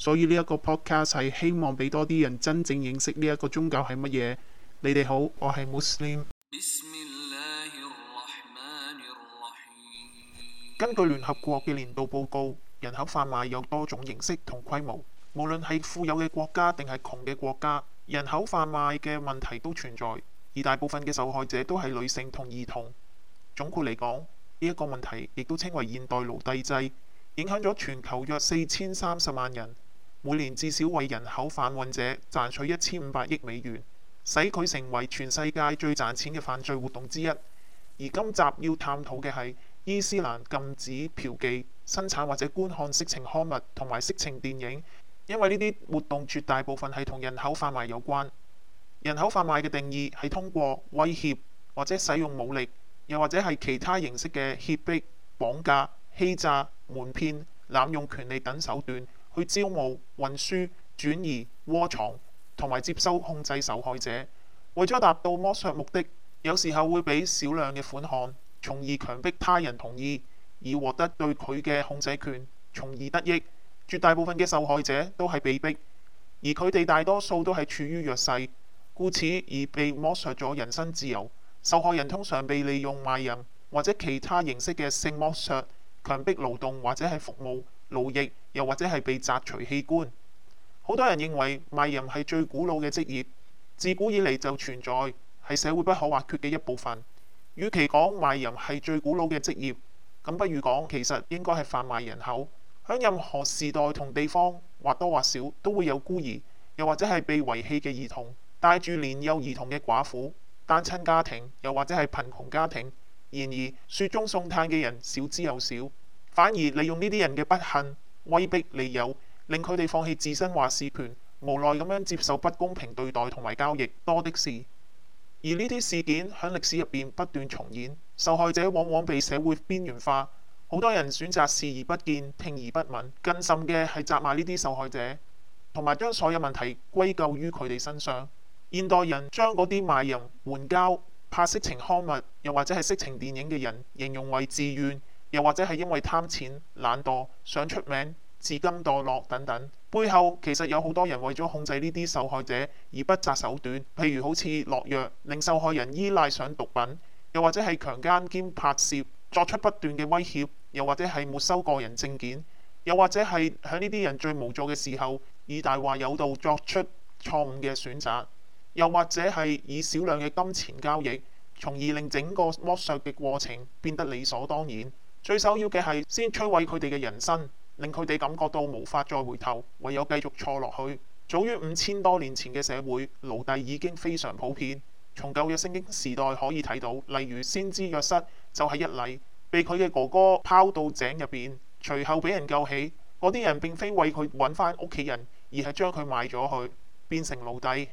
所以呢一個 podcast 係希望俾多啲人真正認識呢一個宗教係乜嘢。你哋好，我係 Muslim。根據聯合國嘅年度報告，人口販賣有多種形式同規模，無論係富有嘅國家定係窮嘅國家，人口販賣嘅問題都存在。而大部分嘅受害者都係女性同兒童。總括嚟講，呢一個問題亦都稱為現代奴隸制，影響咗全球約四千三十萬人。每年至少為人口販運者賺取一千五百億美元，使佢成為全世界最賺錢嘅犯罪活動之一。而今集要探討嘅係，伊斯蘭禁止嫖妓、生產或者觀看色情刊物同埋色情電影，因為呢啲活動絕大部分係同人口販賣有關。人口販賣嘅定義係通過威脅或者使用武力，又或者係其他形式嘅脅迫、綁架、欺詐、瞞騙、濫用權利等手段。去招募、運輸、轉移、窩藏同埋接收控制受害者，為咗達到剝削目的，有時候會俾少量嘅款項，從而強迫他人同意以獲得對佢嘅控制權，從而得益。絕大部分嘅受害者都係被逼，而佢哋大多數都係處於弱勢，故此而被剝削咗人身自由。受害人通常被利用賣淫或者其他形式嘅性剝削，強迫勞動或者係服務勞役。又或者係被摘除器官，好多人認為賣淫係最古老嘅職業，自古以嚟就存在，係社會不可或缺嘅一部分。與其講賣淫係最古老嘅職業，咁不如講其實應該係販賣人口。喺任何時代同地方，或多或少都會有孤兒，又或者係被遺棄嘅兒童，帶住年幼兒童嘅寡婦、單親家庭，又或者係貧窮家庭。然而雪中送炭嘅人少之又少，反而利用呢啲人嘅不幸。威逼利誘，令佢哋放棄自身話事權，無奈咁樣接受不公平對待同埋交易多的是。而呢啲事件響歷史入邊不斷重演，受害者往往被社會邊緣化，好多人選擇視而不見，聽而不聞，更甚嘅係責罵呢啲受害者，同埋將所有問題歸咎於佢哋身上。現代人將嗰啲賣淫、援交、拍色情刊物，又或者係色情電影嘅人，形容為自願。又或者係因為貪錢、懶惰、想出名、自甘墮落等等，背後其實有好多人為咗控制呢啲受害者而不擇手段，譬如好似落藥令受害人依賴上毒品，又或者係強姦兼拍攝，作出不斷嘅威脅，又或者係沒收個人證件，又或者係喺呢啲人最無助嘅時候以大話有道作出錯誤嘅選擇，又或者係以少量嘅金錢交易，從而令整個剝削嘅過程變得理所當然。最首要嘅係先摧毀佢哋嘅人生，令佢哋感覺到無法再回頭，唯有繼續錯落去。早於五千多年前嘅社會，奴隸已經非常普遍。從舊約聖經時代可以睇到，例如先知約瑟就係一例，被佢嘅哥哥拋到井入邊，隨後俾人救起。嗰啲人並非為佢揾翻屋企人，而係將佢賣咗去，變成奴隸。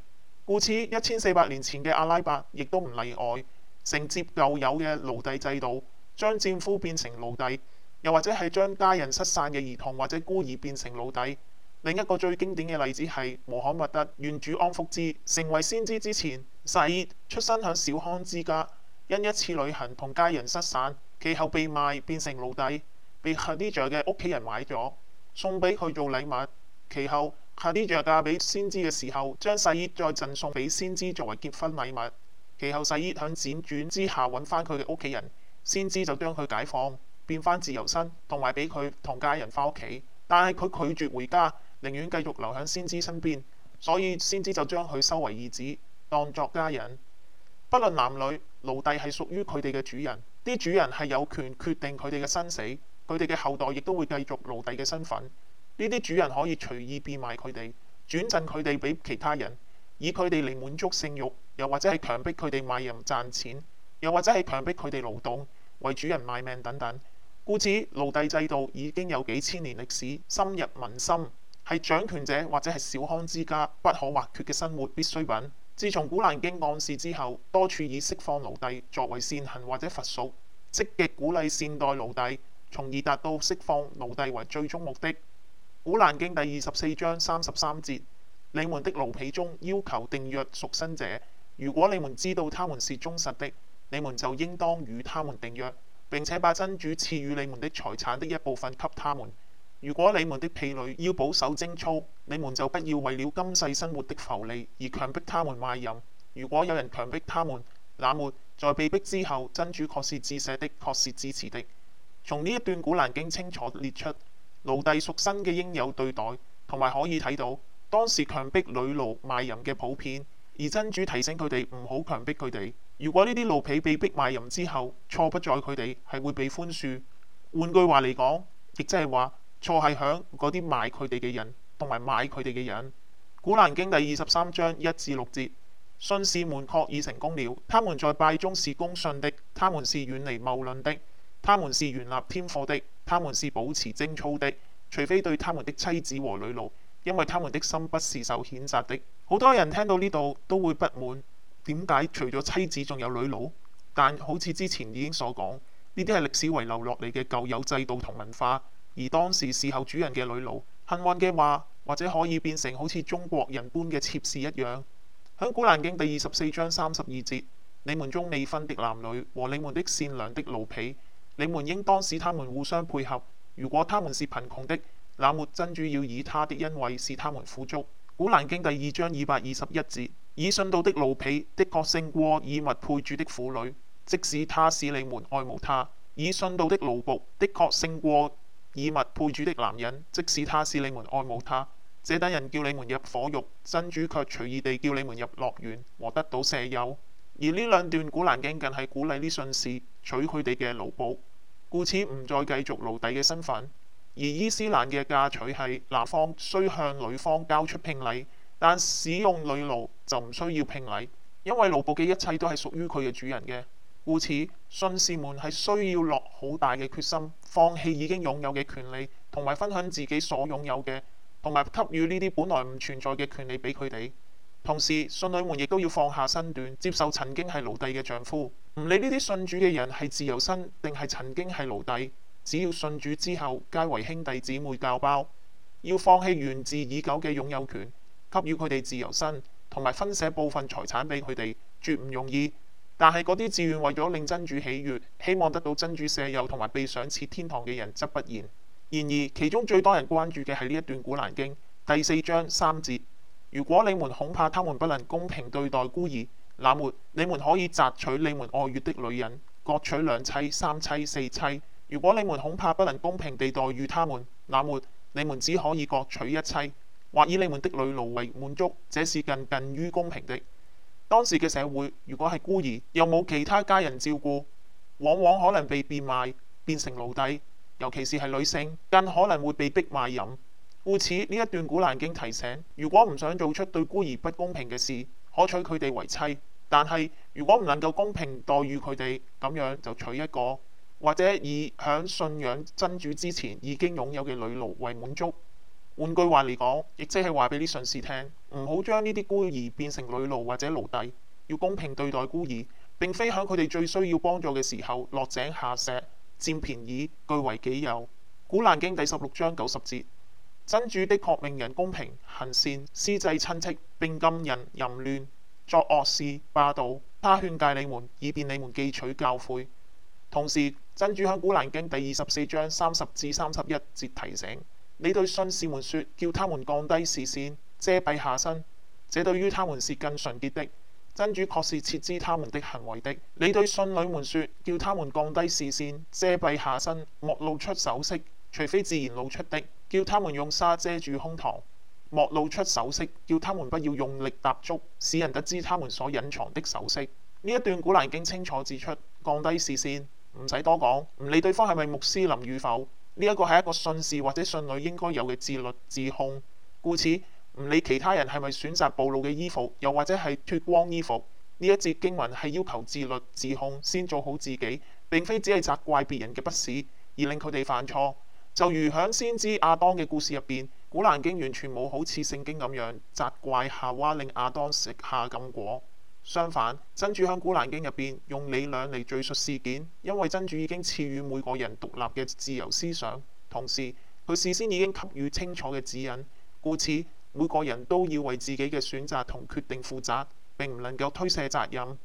故此，一千四百年前嘅阿拉伯亦都唔例外，承接舊有嘅奴隸制度。將戰俘變成奴隸，又或者係將家人失散嘅兒童或者孤兒變成奴隸。另一個最經典嘅例子係穆罕默德願主安福之，成為先知之前，細兒出生響小康之家，因一次旅行同家人失散，其後被賣變成奴隸，被 Hadir 嘅屋企人買咗送俾佢做禮物。其後 Hadir 嫁俾先知嘅時候，將細兒再贈送俾先知作為結婚禮物。其後細兒響輾轉之下揾翻佢嘅屋企人。先知就將佢解放，變翻自由身，同埋俾佢同家人翻屋企。但係佢拒絕回家，寧願繼續留喺先知身邊，所以先知就將佢收為義子，當作家人。不論男女，奴隸係屬於佢哋嘅主人，啲主人係有權決定佢哋嘅生死，佢哋嘅後代亦都會繼續奴隸嘅身份。呢啲主人可以隨意變賣佢哋，轉贈佢哋俾其他人，以佢哋嚟滿足性欲，又或者係強迫佢哋賣淫賺錢，又或者係強迫佢哋勞動，為主人賣命等等，故此奴隸制度已經有幾千年歷史，深入民心，係掌權者或者係小康之家不可或缺嘅生活必需品。自從《古蘭經》暗示之後，多處以釋放奴隸作為善行或者罰贖，積極鼓勵善待奴隸，從而達到釋放奴隸為最終目的。《古蘭經》第二十四章三十三節：你們的奴婢中要求訂約贖身者，如果你們知道他們是忠實的。你們就應當與他們訂約，並且把真主賜予你們的財產的一部分給他們。如果你們的婢女要保守貞操，你們就不要為了今世生活的浮利而強迫他們賣淫。如果有人強迫他們，那末在被逼之後，真主確是至赦的，確是至慈的。從呢一段古蘭經清楚列出奴隸贖身嘅應有對待，同埋可以睇到當時強迫女奴賣淫嘅普遍，而真主提醒佢哋唔好強迫佢哋。如果呢啲奴婢被逼賣淫之後，錯不在佢哋，係會被寬恕。換句話嚟講，亦即係話錯係響嗰啲賣佢哋嘅人同埋買佢哋嘅人。古蘭經第二十三章一至六節，信士們確已成功了。他們在拜中是公信的，他們是遠離謬論的，他們是原立天課的，他們是保持貞操的。除非對他們的妻子和女奴，因為他們的心不是受譴責的。好多人聽到呢度都會不滿。點解除咗妻子，仲有女奴？但好似之前已經所講，呢啲係歷史遺留落嚟嘅舊有制度同文化，而當時侍候主人嘅女奴，幸運嘅話，或者可以變成好似中國人般嘅妾侍一樣。喺《古蘭經》第二十四章三十二節，你們中未婚的男女和你們的善良的奴婢，你們應當使他們互相配合。如果他們是貧窮的，那末真主要以他的恩惠使他們富足。《古蘭經》第二章二百二十一節。以信道的奴婢的確勝過以物配主的婦女，即使他使你們愛慕他；以信道的奴僕的確勝過以物配主的男人，即使他使你們愛慕他。這等人叫你們入火獄，真主卻隨意地叫你們入樂園，獲得到赦宥。而呢兩段古蘭經更係鼓勵呢信士取佢哋嘅奴僕，故此唔再繼續奴隸嘅身份。而伊斯蘭嘅嫁娶係男方需向女方交出聘禮。但使用女奴就唔需要聘禮，因為奴僕嘅一切都係屬於佢嘅主人嘅。故此，信士們係需要落好大嘅決心，放棄已經擁有嘅權利，同埋分享自己所擁有嘅，同埋給予呢啲本來唔存在嘅權利俾佢哋。同時，信女們亦都要放下身段，接受曾經係奴隸嘅丈夫。唔理呢啲信主嘅人係自由身定係曾經係奴隸，只要信主之後皆為兄弟姊妹教包，要放棄源自已久嘅擁有權。給予佢哋自由身，同埋分捨部分財產俾佢哋，絕唔容易。但係嗰啲自願為咗令真主喜悅，希望得到真主赦宥同埋被賞賜天堂嘅人，則不然。然而，其中最多人關注嘅係呢一段古蘭經第四章三節：如果你們恐怕他們不能公平對待孤兒，那末你們可以擇取你們愛悅的女人，各取兩妻、三妻、四妻；如果你們恐怕不能公平地待遇他們，那末你們只可以各取一妻。或以你們的女奴為滿足，這是更近於公平的。當時嘅社會，如果係孤兒，又冇其他家人照顧，往往可能被變賣變成奴隸，尤其是係女性，更可能會被逼賣淫。故此，呢一段古蘭經提醒：如果唔想做出對孤兒不公平嘅事，可取佢哋為妻；但係如果唔能夠公平待遇佢哋，咁樣就取一個，或者以響信仰真主之前已經擁有嘅女奴為滿足。換句話嚟講，亦即係話俾啲信士聽，唔好將呢啲孤兒變成女奴或者奴隸，要公平對待孤兒。並非喺佢哋最需要幫助嘅時候落井下石、佔便宜、據為己有。《古蘭經》第十六章九十節，真主的確命人公平行善，施濟親戚，並禁人淫亂作惡事、霸道。他勸戒你們，以便你們記取教誨。」同時，真主喺《古蘭經》第二十四章三十至三十一節提醒。你對信士們說，叫他們降低視線，遮蔽下身，這對於他們是更純潔的。真主確是徹知他們的行為的。你對信女們說，叫他們降低視線，遮蔽下身，莫露出首飾，除非自然露出的。叫他們用紗遮住胸膛，莫露出首飾。叫他們不要用力踏足，使人得知他們所隱藏的首飾。呢一段古蘭經清楚指出，降低視線，唔使多講，唔理對方係咪穆斯林與否。呢一個係一個信士或者信女應該有嘅自律自控，故此唔理其他人係咪選擇暴露嘅衣服，又或者係脫光衣服，呢一節經文係要求自律自控先做好自己，並非只係責怪別人嘅不事而令佢哋犯錯。就如喺先知阿當嘅故事入邊，《古蘭經》完全冇好似聖經咁樣責怪夏娃令亞當食下禁果。相反，真主喺《古蘭經》入邊用你兩嚟敘述事件，因為真主已經賜予每個人獨立嘅自由思想，同時佢事先已經給予清楚嘅指引，故此每個人都要為自己嘅選擇同決定負責，並唔能夠推卸責任。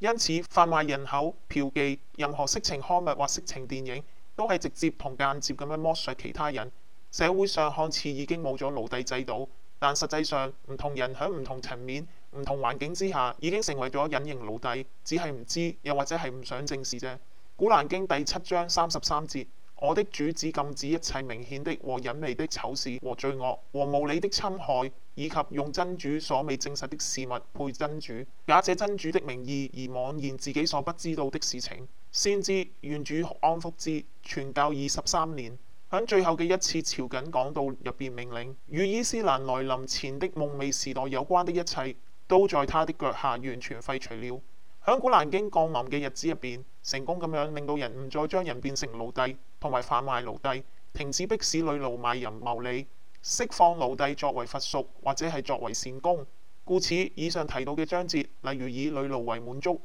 因此，販賣人口、嫖妓、任何色情刊物或色情電影，都係直接同間接咁樣剝削其他人。社會上看似已經冇咗奴隸制度，但實際上唔同人喺唔同層面，唔同環境之下，已經成為咗隱形奴隸，只係唔知，又或者係唔想正視啫。古蘭經第七章三十三節：我的主只禁止一切明顯的和隱微的醜事和罪惡，和無理的侵害，以及用真主所未證實的事物配真主，假借真主的名義而妄言自己所不知道的事情。先知願主安福之，傳教二十三年，響最後嘅一次朝覲講道入邊命令，與伊斯蘭來臨前的蒙昧時代有關的一切。都在他的腳下完全廢除了。響古蘭經降臨嘅日子入邊，成功咁樣令到人唔再將人變成奴隸，同埋販賣奴隸，停止迫使女奴賣人謀利，釋放奴隸作為僕屬或者係作為善功。故此，以上提到嘅章節，例如以女奴為滿足，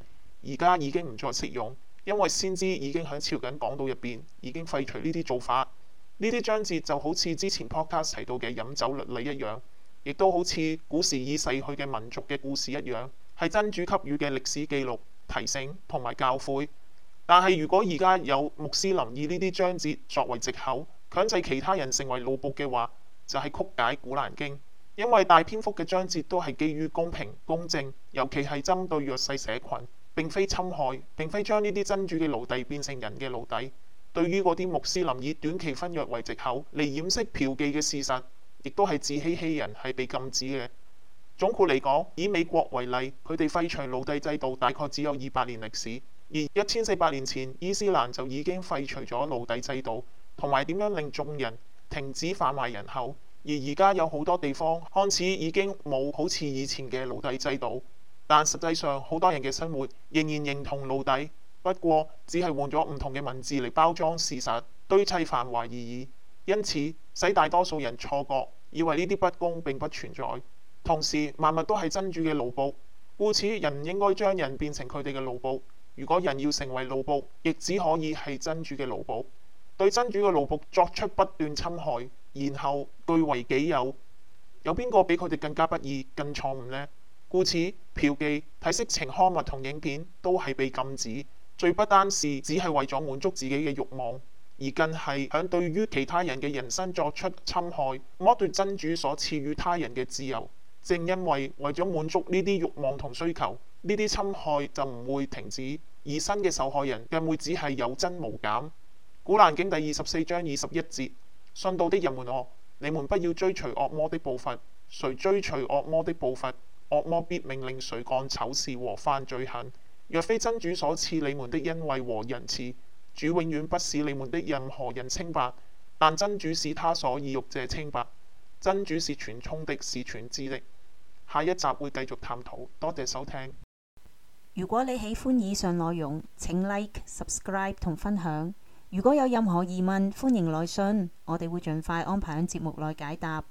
而家已經唔再適用，因為先知已經響朝覲講道入邊已經廢除呢啲做法。呢啲章節就好似之前 podcast 提到嘅飲酒律例一樣。亦都好似古時已逝去嘅民族嘅故事一樣，係真主給予嘅歷史記錄、提醒同埋教誨。但係如果而家有穆斯林以呢啲章節作為藉口，強制其他人成為奴僕嘅話，就係、是、曲解古蘭經，因為大篇幅嘅章節都係基於公平、公正，尤其係針對弱勢社群，並非侵害，並非將呢啲真主嘅奴隸變成人嘅奴隸。對於嗰啲穆斯林以短期婚約為藉口嚟掩飾嫖妓嘅事實。亦都係自欺欺人，係被禁止嘅。總括嚟講，以美國為例，佢哋廢除奴隸制度大概只有二百年歷史，而一千四百年前伊斯蘭就已經廢除咗奴隸制度，同埋點樣令眾人停止販賣人口。而而家有好多地方看似已經冇好似以前嘅奴隸制度，但實際上好多人嘅生活仍然認同奴隸，不過只係換咗唔同嘅文字嚟包裝事實，堆砌繁華而已。因此，使大多數人錯覺，以為呢啲不公並不存在。同時，萬物都係真主嘅奴僕，故此人唔應該將人變成佢哋嘅奴僕。如果人要成為奴僕，亦只可以係真主嘅奴僕。對真主嘅奴僕作出不斷侵害，然後據為己有，有邊個比佢哋更加不義、更錯誤呢？故此，嫖妓、睇色情刊物同影片都係被禁止。最不單是只係為咗滿足自己嘅慾望。而更係響對於其他人嘅人生作出侵害，剝奪真主所賜予他人嘅自由。正因為為咗滿足呢啲慾望同需求，呢啲侵害就唔會停止，而新嘅受害人更會只係有增無減。古蘭經第二十四章二十一節：信道的人們啊，你們不要追隨惡魔的步伐。誰追隨惡魔的步伐，惡魔必命令誰幹醜事和犯罪行。若非真主所賜你們的恩惠和仁慈。主永遠不使你們的任何人清白，但真主是他所意欲者清白。真主是全聰的，是全知的。下一集會繼續探討，多謝收聽。如果你喜歡以上內容，請 like、subscribe 同分享。如果有任何疑問，歡迎來信，我哋會盡快安排喺節目內解答，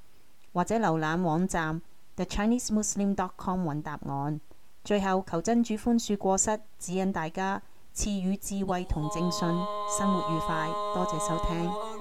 或者瀏覽網站 thechinesemuslim.com 揾答案。最後，求真主寬恕過失，指引大家。賜予智慧同正信，生活愉快。多謝收聽。